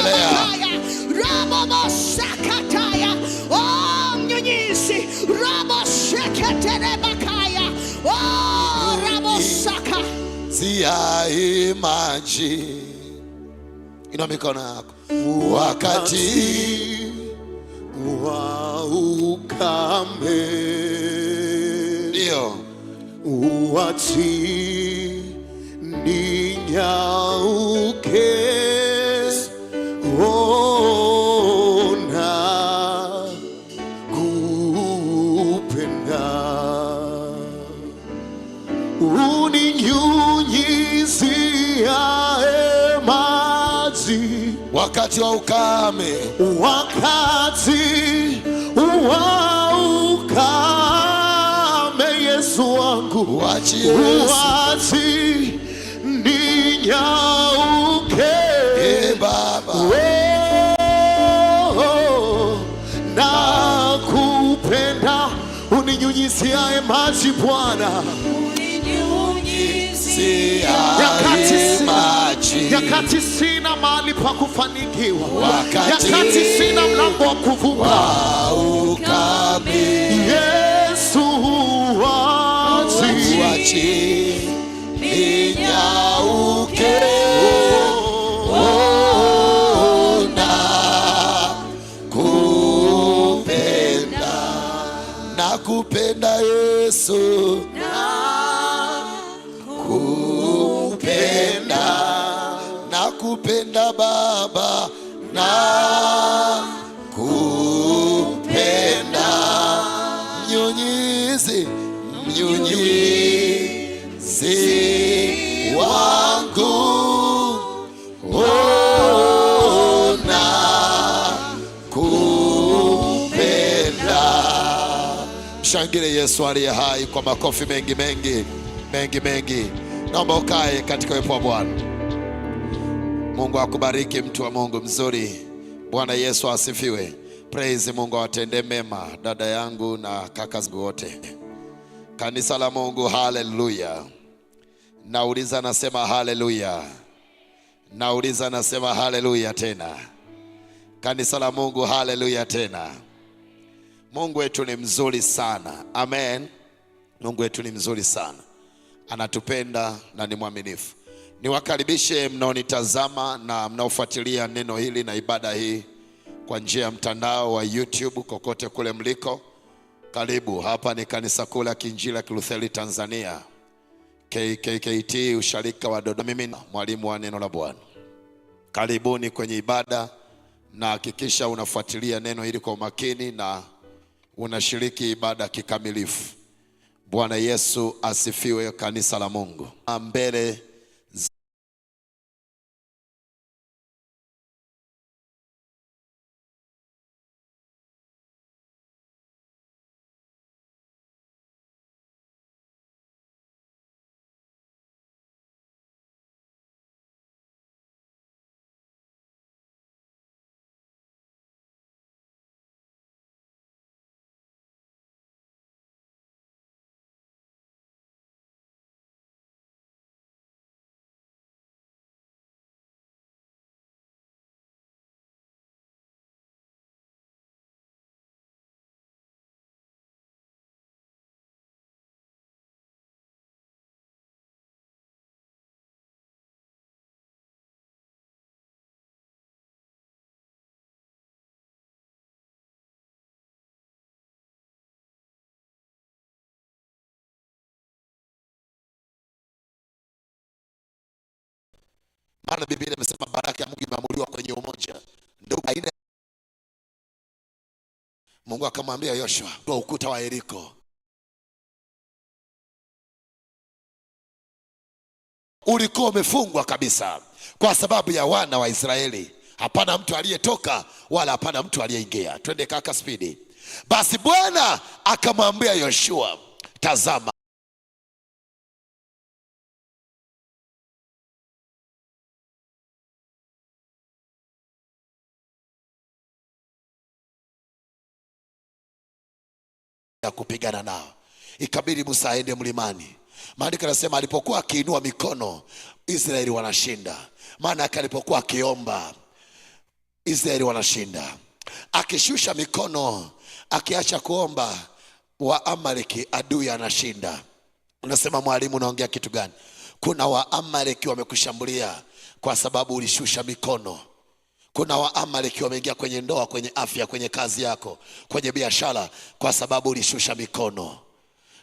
unaendelea. Oh, mnyunyizi maji, inua mikono yako wakati wa ukame, ndio uwati ninyauke kuona kupenda uninyunyizia maji wakati wa ukame, wakati wa ukame, Yesu wangu wachi ninyauke uninyunyiziaye maji Bwana, nyakati sina mahali pa kufanikiwa, nyakati sina mlango wa kuvuka, Yesu wachi ninyauke kupenda Baba na kupenda mnyunyizi mnyunyizi wangu ona kupenda. Mshangile Yesu aliye hai kwa makofi mengi mengi mengi mengi. Naomba ukae katika uwepo wa Bwana. Mungu akubariki mtu wa Mungu mzuri. Bwana Yesu asifiwe. Praise Mungu awatende mema dada yangu na kaka zangu wote, kanisa la Mungu. Haleluya! Nauliza nasema haleluya, nauliza nasema haleluya tena, kanisa la Mungu. Haleluya tena. Mungu wetu ni mzuri sana, amen. Mungu wetu ni mzuri sana, anatupenda na ni mwaminifu. Niwakaribishe mnaonitazama na mnaofuatilia neno hili na ibada hii kwa njia ya mtandao wa YouTube kokote kule mliko, karibu. Hapa ni kanisa kuu la Kiinjili la Kilutheri Tanzania KKKT, usharika wa Dodoma. Mimi mwalimu wa neno la Bwana, karibuni kwenye ibada, na hakikisha unafuatilia neno hili kwa umakini na unashiriki ibada kikamilifu. Bwana Yesu asifiwe, kanisa la Mungu mbele maana Biblia imesema baraka ya Mungu imeamuliwa kwenye umoja. Ndio aina Mungu akamwambia Yoshua kwa ukuta wa Yeriko ulikuwa umefungwa kabisa kwa sababu ya wana wa Israeli, hapana mtu aliyetoka wala hapana mtu aliyeingia. Twende kaka spidi. Basi Bwana akamwambia Yoshua, tazama ya kupigana nao. Ikabidi Musa aende mlimani. Maandiko yanasema alipokuwa akiinua mikono Israeli wanashinda, maana alipokuwa akiomba Israeli wanashinda, akishusha mikono akiacha kuomba Waamaleki adui anashinda. Unasema mwalimu, unaongea kitu gani? Kuna Waamaleki wamekushambulia kwa sababu ulishusha mikono. Kuna waamaleki wameingia kwenye ndoa, kwenye afya, kwenye kazi yako, kwenye biashara, kwa sababu ulishusha mikono.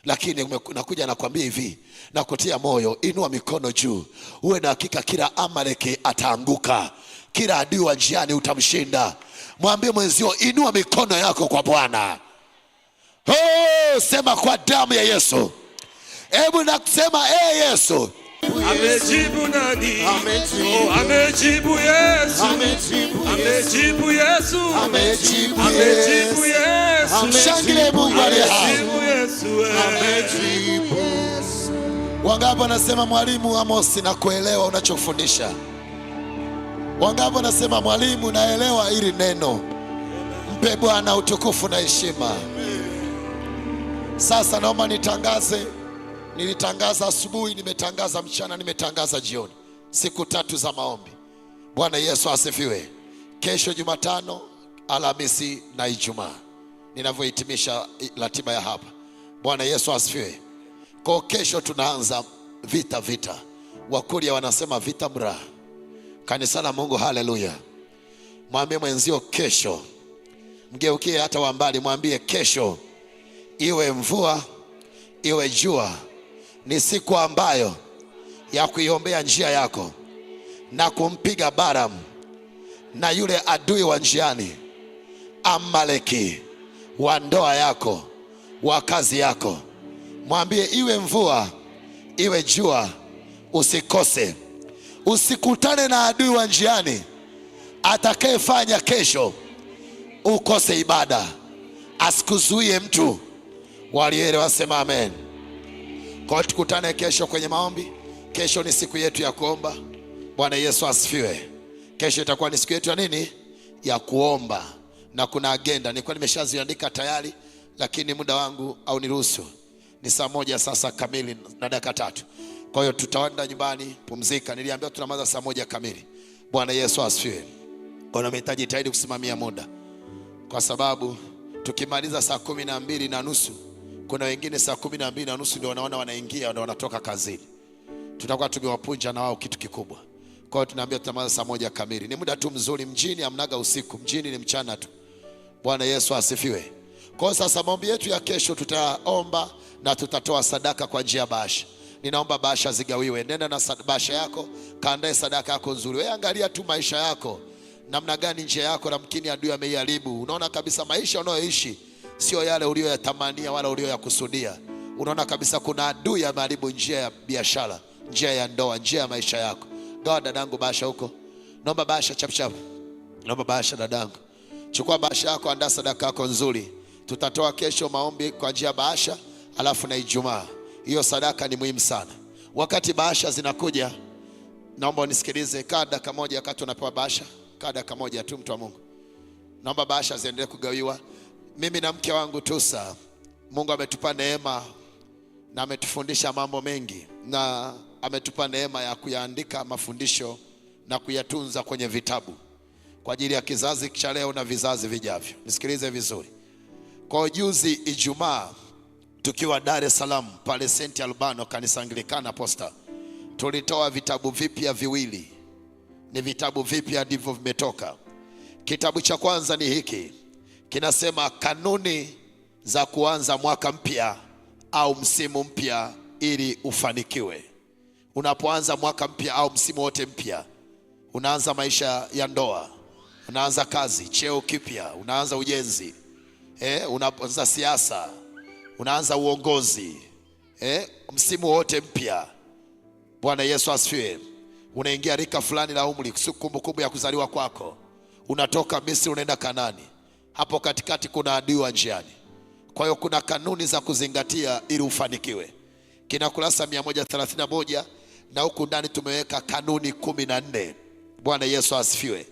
Lakini nakuja nakwambia hivi, nakutia moyo, inua mikono juu, uwe na hakika kila amaleki ataanguka, kila adui wa njiani utamshinda. Mwambie mwenzio, inua mikono yako kwa Bwana. Oh, sema kwa damu ya Yesu. Hebu nakusema, ee Yesu, Amejibu nani? Oh, amejibu Yesu. Amejibu Yesu. Amejibu Yesu. Amejibu Yesu. Eh. mwalimu Amosi, nakuelewa unachofundisha? wangapo anasema mwalimu, naelewa hili neno? Mpe Bwana utukufu na heshima. Sasa naomba nitangaze Nilitangaza asubuhi, nimetangaza mchana, nimetangaza jioni, siku tatu za maombi. Bwana Yesu asifiwe. Kesho Jumatano, Alhamisi na Ijumaa, ninavyohitimisha ratiba ya hapa. Bwana Yesu asifiwe. Kwa kesho tunaanza vita, vita Wakuria wanasema vita bra, kanisa la Mungu. Haleluya! Mwambie mwenzio kesho, mgeukie hata wa mbali, mwambie kesho, iwe mvua iwe jua ni siku ambayo ya kuiombea njia yako na kumpiga Baramu na yule adui wa njiani Amaleki wa ndoa yako wa kazi yako. Mwambie iwe mvua iwe jua, usikose, usikutane na adui wa njiani atakayefanya kesho ukose ibada. Asikuzuie mtu. Walielewa, sema amen. Kwa tukutane kesho kwenye maombi. Kesho ni siku yetu ya kuomba. Bwana Yesu asifiwe. Kesho itakuwa ni siku yetu ya nini? Ya kuomba, na kuna agenda nilikuwa nimeshaziandika tayari, lakini muda wangu au niruhusu, ni saa moja sasa kamili na dakika tatu. Kwa hiyo tutaenda nyumbani pumzika. Niliambiwa tunamaza saa moja kamili. Bwana Yesu asifiwe. Kwa hiyo nimehitaji tayari kusimamia muda, kwa sababu tukimaliza saa kumi na mbili na nusu kuna wengine saa kumi na mbili na nusu ndio wanaona wanaingia ndio wanatoka kazini, tutakuwa tumewapunja na wao kitu kikubwa. Kwa hiyo tunaambia tutamaliza saa moja kamili, ni muda tu mzuri. Mjini amnaga usiku, mjini ni mchana tu. Bwana Yesu asifiwe. Kwa hiyo sasa, maombi yetu ya kesho, tutaomba na tutatoa sadaka kwa njia ya bahasha. Ninaomba bahasha zigawiwe. Nenda na bahasha yako, kaandae sadaka yako nzuri. Wewe angalia tu maisha yako namna gani, njia yako, na mkini adui ameiharibu. Unaona kabisa maisha unayoishi sio yale uliyoyatamania wala uliyoyakusudia. Unaona kabisa kuna adui ameharibu njia ya biashara, njia ya ndoa, njia ya maisha yako. Gawa dadangu bahasha huko, naomba bahasha chapchap, naomba bahasha dadangu. Chukua bahasha yako, andaa sadaka yako nzuri. Tutatoa kesho maombi kwa njia ya bahasha, alafu na Ijumaa. Hiyo sadaka ni muhimu sana. Wakati bahasha zinakuja, naomba unisikilize. Kaa dakika moja, wakati unapewa bahasha, kaa dakika moja tu, mtu wa Mungu. Naomba bahasha ziendelee kugawiwa mimi na mke wangu Tusa, Mungu ametupa neema na ametufundisha mambo mengi, na ametupa neema ya kuyaandika mafundisho na kuyatunza kwenye vitabu kwa ajili ya kizazi cha leo na vizazi vijavyo. Nisikilize vizuri. Kwa juzi Ijumaa, tukiwa Dar es Salaam pale St Albano, kanisa Anglikana Posta, tulitoa vitabu vipya viwili. Ni vitabu vipya ndivyo vimetoka. Kitabu cha kwanza ni hiki kinasema kanuni za kuanza mwaka mpya au msimu mpya ili ufanikiwe. Unapoanza mwaka mpya au msimu wote mpya, unaanza maisha ya ndoa, unaanza kazi, cheo kipya, unaanza ujenzi eh, unaanza siasa, unaanza uongozi eh, msimu wote mpya. Bwana Yesu asifiwe. Unaingia rika fulani la umri, kumbukumbu ya kuzaliwa kwako, unatoka Misri unaenda Kanani hapo katikati kuna adui wa njiani. Kwa hiyo kuna kanuni za kuzingatia ili ufanikiwe. Kina kurasa 131 na huku ndani tumeweka kanuni kumi na nne. Bwana Yesu asifiwe.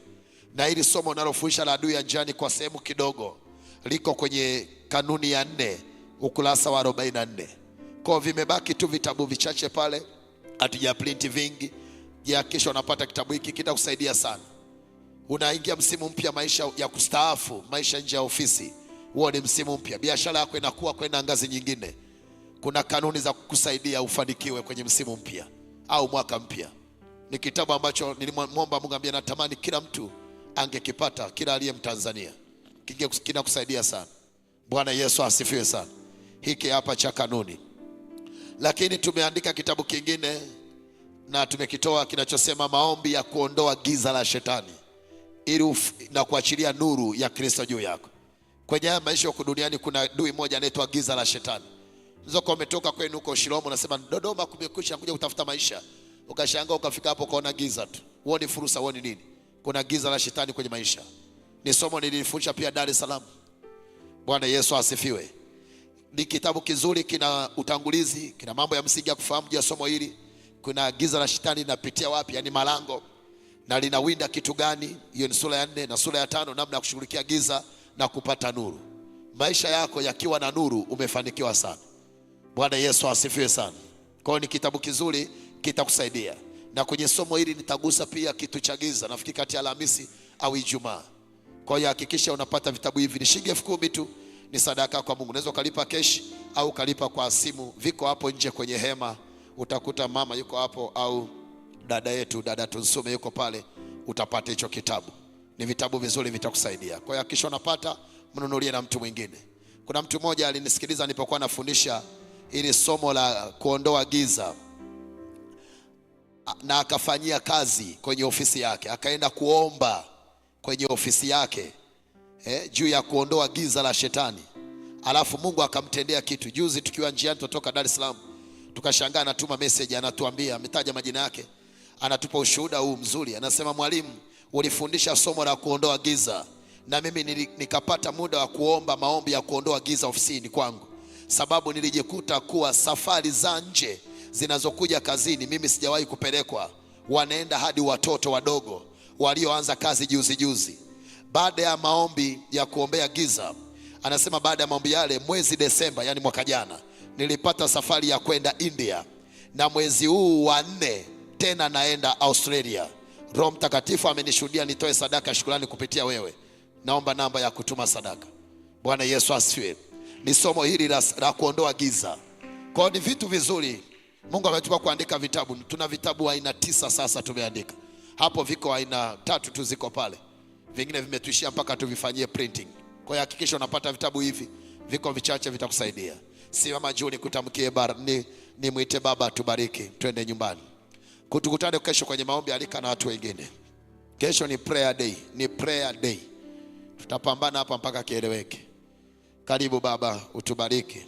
Na hili somo unalofundisha la adui ya njiani kwa sehemu kidogo liko kwenye kanuni ya nne ukurasa wa 44. Kwa vimebaki tu vitabu vichache pale, hatuja printi vingi. Jihakikisha unapata kitabu hiki, kitakusaidia sana unaingia msimu mpya maisha ya kustaafu, maisha nje ya ofisi. Huo ni msimu mpya, biashara yako inakuwa kwenda ngazi nyingine. Kuna kanuni za kukusaidia ufanikiwe kwenye msimu mpya au mwaka mpya. Ni kitabu ambacho nilimwomba Mungu, ambia natamani kila mtu angekipata, kila aliye Mtanzania. Kinakusaidia sana. Bwana Yesu asifiwe sana. Hiki hapa cha kanuni, lakini tumeandika kitabu kingine na tumekitoa kinachosema maombi ya kuondoa giza la shetani ili na kuachilia nuru ya Kristo juu yako. Kwenye haya maisha huko duniani kuna dui moja anaitwa giza la shetani. Unaweza kuwa umetoka kwenu huko Shilombo, unasema Dodoma kumekucha, kuja kutafuta maisha, ukashangaa ukafika hapo ukaona giza tu. Huoni fursa, huoni nini? Kuna giza la shetani kwenye maisha. Ni somo nililifundisha pia Dar es Salaam. Bwana Yesu asifiwe. Ni kitabu kizuri, kina utangulizi, kina mambo ya msingi ya kufahamu juu ya somo hili. Kuna giza la shetani linapitia wapi, yani malango na linawinda kitu gani? Hiyo ni sura ya nne na sura ya tano, namna ya kushughulikia giza na kupata nuru. Maisha yako yakiwa na nuru, umefanikiwa sana. Bwana Yesu asifiwe sana. Kwa hiyo ni kitabu kizuri, kitakusaidia na kwenye somo hili nitagusa pia kitu cha giza, nafikiri kati ya Alhamisi au Ijumaa. Kwa hiyo hakikisha unapata vitabu hivi, ni shilingi elfu kumi tu, ni sadaka kwa Mungu. Unaweza ukalipa keshi au ukalipa kwa simu, viko hapo nje kwenye hema, utakuta mama yuko hapo au dada yetu, dada Tunsume yuko pale, utapata hicho kitabu. Ni vitabu vizuri, vitakusaidia. Kwa hiyo hakisha unapata, mnunulie na mtu mwingine. Kuna mtu mmoja alinisikiliza nilipokuwa nafundisha ili somo la kuondoa giza na akafanyia kazi kwenye ofisi yake, akaenda kuomba kwenye ofisi yake eh, juu ya kuondoa giza la shetani, alafu Mungu akamtendea kitu. Juzi tukiwa njiani tunatoka Dar es Salaam, tukashangaa anatuma message, anatuambia ametaja majina yake anatupa ushuhuda huu mzuri, anasema mwalimu, ulifundisha somo la kuondoa giza, na mimi nikapata muda wa kuomba maombi ya kuondoa giza ofisini kwangu, sababu nilijikuta kuwa safari za nje zinazokuja kazini, mimi sijawahi kupelekwa, wanaenda hadi watoto wadogo walioanza kazi juzi juzi. Baada ya maombi ya kuombea giza, anasema baada ya maombi yale, mwezi Desemba, yani mwaka jana, nilipata safari ya kwenda India, na mwezi huu wa nne tena naenda Australia. Roho Mtakatifu amenishuhudia nitoe sadaka shukrani kupitia wewe. Naomba namba ya kutuma sadaka. Bwana Yesu asifiwe. Ni somo hili la, la kuondoa giza. Kwa ni vitu vizuri Mungu ametupa kuandika vitabu. Tuna vitabu aina tisa sasa tumeandika. Hapo viko aina tatu tu ziko pale, vingine vimetuishia mpaka tuvifanyie printing. Kwa hiyo hakikisha unapata vitabu hivi, viko vichache vitakusaidia. Simama juu nikutamkie, ni, ni mwite Baba, tubariki, twende nyumbani. Kutukutane kesho kwenye maombi alika na watu wengine. Kesho ni prayer day, ni prayer day. Tutapambana hapa mpaka kieleweke. Karibu Baba, utubariki.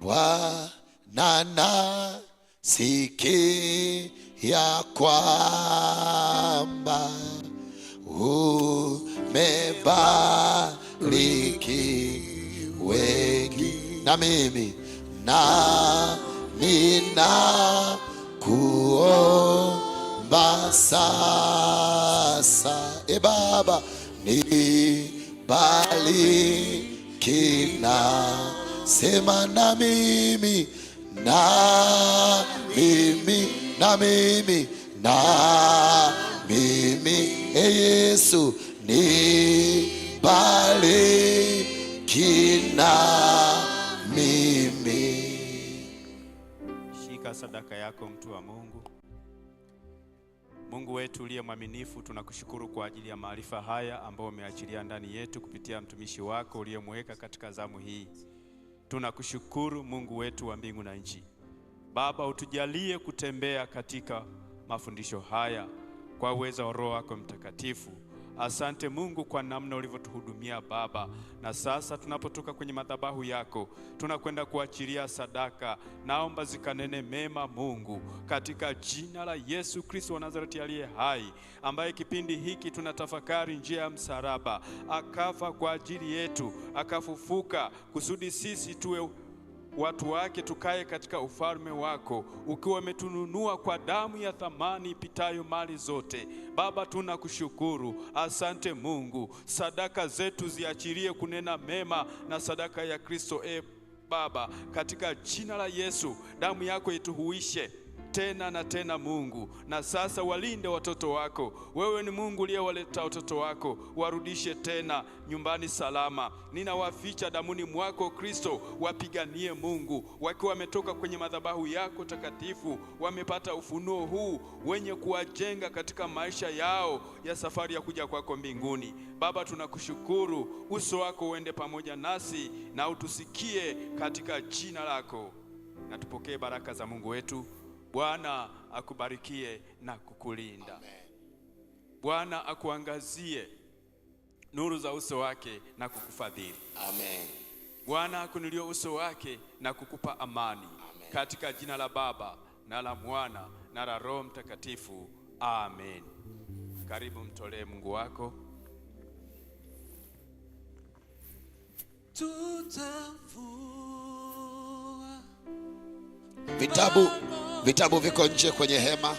Bwana na sikia kwamba umebariki wengi, na mimi na nina kuomba sasa. E eh, Baba, nibariki na sema na mimi na mimi na mimi na mimi e Yesu nibariki na sadaka yako mtu wa Mungu. Mungu wetu uliye mwaminifu, tunakushukuru kwa ajili ya maarifa haya ambayo umeachilia ndani yetu kupitia mtumishi wako uliyemweka katika zamu hii. Tunakushukuru Mungu wetu wa mbingu na nchi. Baba, utujalie kutembea katika mafundisho haya kwa uwezo wa Roho wako Mtakatifu. Asante Mungu kwa namna ulivyotuhudumia Baba, na sasa tunapotoka kwenye madhabahu yako tunakwenda kuachilia sadaka, naomba zikanene mema Mungu, katika jina la Yesu Kristo wa Nazareti aliye hai, ambaye kipindi hiki tunatafakari njia ya msalaba, akafa kwa ajili yetu, akafufuka kusudi sisi tuwe watu wake tukae katika ufalme wako, ukiwa umetununua kwa damu ya thamani ipitayo mali zote. Baba, tunakushukuru, asante Mungu. Sadaka zetu ziachilie kunena mema na sadaka ya Kristo. E Baba, katika jina la Yesu, damu yako ituhuishe tena na tena, Mungu. Na sasa walinde watoto wako. Wewe ni Mungu uliyewaleta watoto wako, warudishe tena nyumbani salama. Ninawaficha damuni mwako Kristo, wapiganie Mungu, wakiwa wametoka kwenye madhabahu yako takatifu, wamepata ufunuo huu wenye kuwajenga katika maisha yao ya safari ya kuja kwako mbinguni. Baba, tunakushukuru, uso wako uende pamoja nasi na utusikie katika jina lako, na tupokee baraka za Mungu wetu Bwana akubarikie na kukulinda. Bwana akuangazie nuru za uso wake na kukufadhili. Amen. Bwana akuinulie uso wake na kukupa amani. Amen. Katika jina la Baba na la Mwana na la Roho Mtakatifu. Amen. Karibu mtolee Mungu wako. Tutafu Vitabu vitabu viko nje kwenye hema,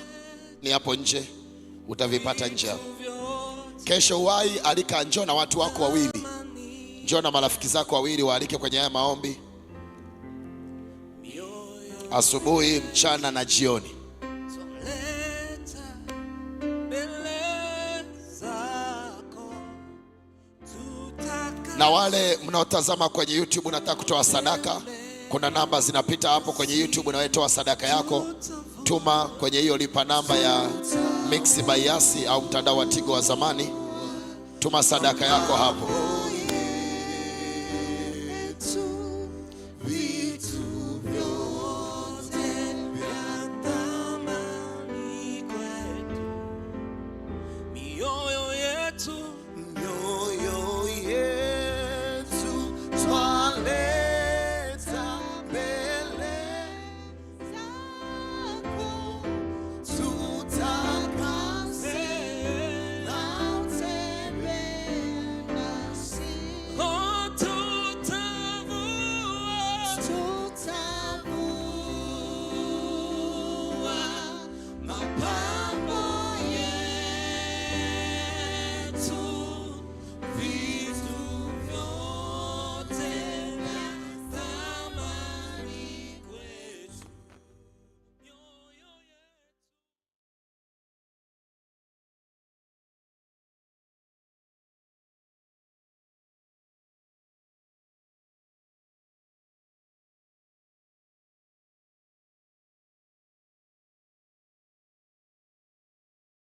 ni hapo nje, utavipata nje Kesho wai alika, njoo na watu wako wawili, njoo na marafiki zako wawili, waalike kwenye haya maombi, asubuhi, mchana na jioni. Na wale mnaotazama kwenye YouTube, nataka kutoa sadaka kuna namba zinapita hapo kwenye YouTube, unawetoa sadaka yako, tuma kwenye hiyo lipa namba ya Mixx by Yas au mtandao wa Tigo wa zamani, tuma sadaka yako hapo.